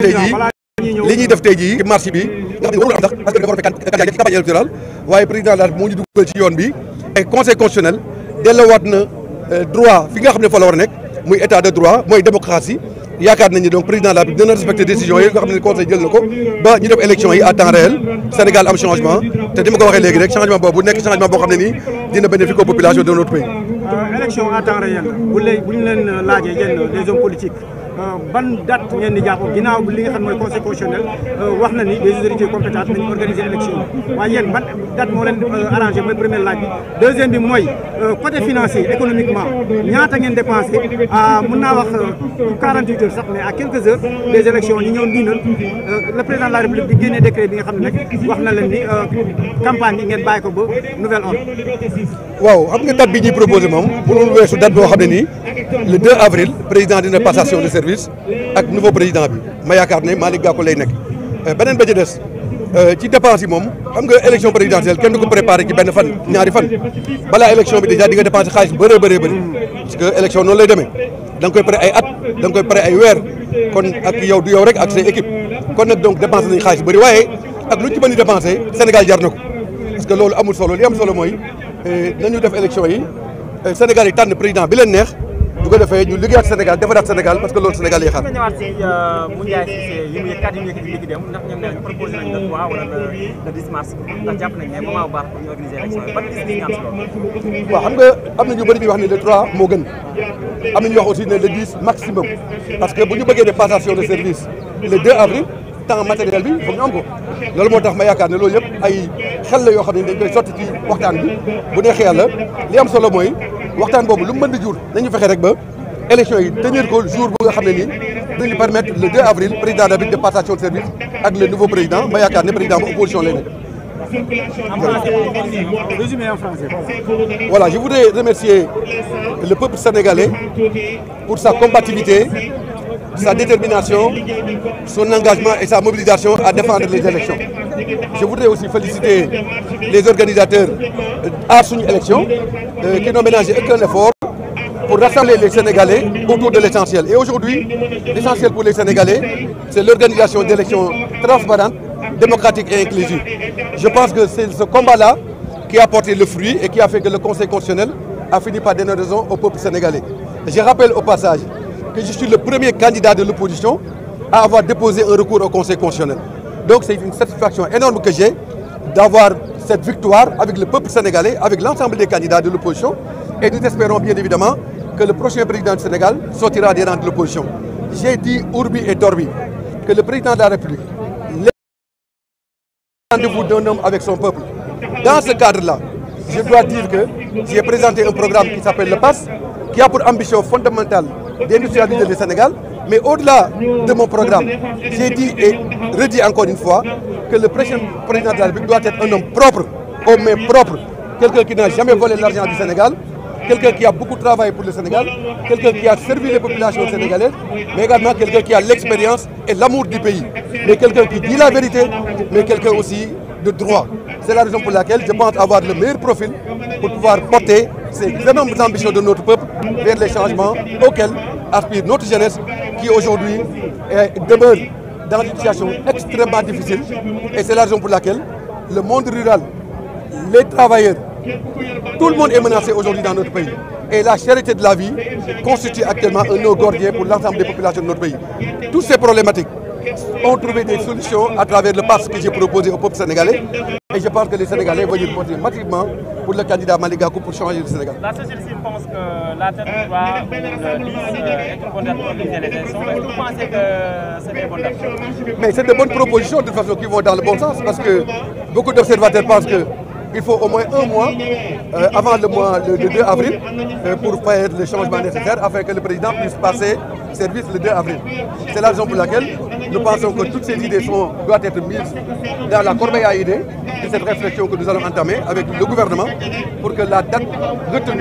tey jii li ñuy def tey jii ci marché bi nga xam ne warul am sax parce que dafa war ci yoon bi et conseil constitutionnel dellowaat na euh, droit fi nga xam ne fa la war a nekk muy état de droit mooy démocratie yaakaar nañu donc président de la République dina respecter décision yi nga xam ne conseil jël na ko ba ñu def élection yi à temps réel Sénégal am changement te di ma ko waxee léegi rek changement boobu nekk changement boo xam ne nii dina bénéfique populations de notre Euh, ban date ngeen di jàpp ginnaaw li nga xam mooy conseil constitutionnel euh, wax na ni les autorités compétentes nañu organiser élection yi waaye yéen ban date moo leen euh, arrangé mooy première laaj deuxième bi mooy côté financier économiquement ñaata ngeen dépensé à ah, mun naa wax 48 heures sax mais à quelques heures des élections ñu ñëw ndiinal le président de la république bi génnee décret bi nga xam ne nag wax na leen ni bi ngeen bàyyi ko ba nouvelle ordre waaw nga date bi ñuy proposé moom le 2 avril président dina passation de service ak nouveau président bi ma yaakaar ne Malick Gakou lay nekk euh, beneen ba ci des euh, ci dépense yi moom xam nga élection présidentielle kenn du ko préparé ci benn fan ñaari fan balaa élection bi déjà di nga dépensé xaalis bëree bëree bëri parce que élection noonu lay demee da koy pare ay at da nga koy pare ay weer kon ak yow du yow rek ak say équipe kon nag donc dépensé nañ xaalis bëri waaye ak lu ci mën a jar na ko parce loolu amul solo li am solo mooy euh, nañu def élection yi Sénégal yi tànn président bi leen neex bu ko defee ñu liggéeyaat Sénégal defaraat Sénégal parce que loolu Sénégal yiy xaar. ñu ñëwaat si euh, Moundiaye Cissé yi mu xam nga am na ñu bëri ñuy wax ne le 3 moo gën am na ñu wax aussi ne le 10 maximum parce que bu ñu bëggee def passation de service le 2 avril temps matériel bi foog ñu am ko loolu moo tax ma yaakaar ne loolu yëpp ay xel la yoo xam ne dañ koy sotti ci waxtaan bi bu neexee yàlla li am solo mooy waxtaan boobu lu mu mën di jur nañu fexe rek ba élection yi tenir ko jour bu nga xam ne nii dañu permettre le 2 avril président d'habitude de passation de service ak le nouveau président ma yaakaar président opposition lay voilà je voudrais remercier le peuple sénégalais pour sa combativité sa détermination, son engagement et sa mobilisation à défendre les élections. Je voudrais aussi féliciter les organisateurs euh, à son élection euh, qui n'ont ménagé aucun effort pour rassembler les Sénégalais autour de l'essentiel. Et aujourd'hui, l'essentiel pour les Sénégalais, c'est l'organisation d'élections transparentes, démocratiques et inclusives. Je pense que c'est ce combat-là qui a porté le fruit et qui a fait que le Conseil constitutionnel a fini par donner raison au passage que je suis le premier candidat de l'opposition à avoir déposé un recours au Conseil constitutionnel. Donc c'est une satisfaction énorme que j'ai d'avoir cette victoire avec le peuple sénégalais, avec l'ensemble des candidats de l'opposition. Et nous espérons bien évidemment que le prochain président du Sénégal sortira de l'opposition. J'ai dit que le président de la République rendez-vous d'un homme avec son peuple. Dans ce cadre-là, je dois dire que a pour d'industrialiser le Sénégal. Mais au-delà de mon programme, j'ai dit et redit encore une fois que le prochain président de la République doit être un homme propre, quelqu'un qui n'a jamais volé l'argent du Sénégal, quelqu'un qui a beaucoup travaillé pour le Sénégal, quelqu'un qui a l'expérience et l'amour du pays, mais quelqu'un qui dit la vérité, mais quelqu'un aussi de droit. C'est la raison pour laquelle je pense avoir le meilleur profil pour porter ces vers les changements auxquels aspire notre jeunesse qui aujourd'hui demeure dans une situation extrêmement difficile. Et c'est la raison pour laquelle le monde rural, les travailleurs, tout le monde est menacé aujourd'hui dans notre pays. Et la charité de la vie constitue actuellement un nœud gordien pour l'ensemble des populations de notre pays. Toutes ces problématiques ont trouvé des solutions à travers le pass que j'ai proposé au peuple sénégalais. Et je pense que les Sénégalais vont y porter pour le candidat Malick Gakou pour changer le Sénégal. que la tête va être une bonne Mais c'est de bonnes propositions de façon qui vont dans le bon sens parce que beaucoup d'observateurs pensent que faut au moins un mois euh, avant le mois le, avril euh, pour faire le changement nécessaire afin que le président puisse passer service le avril. C'est la raison pour laquelle Nous pensons que toutes ces idées sont, doivent être mises dans la corbeille à idées de cette réflexion que nous allons entamer avec le gouvernement pour que la date retenue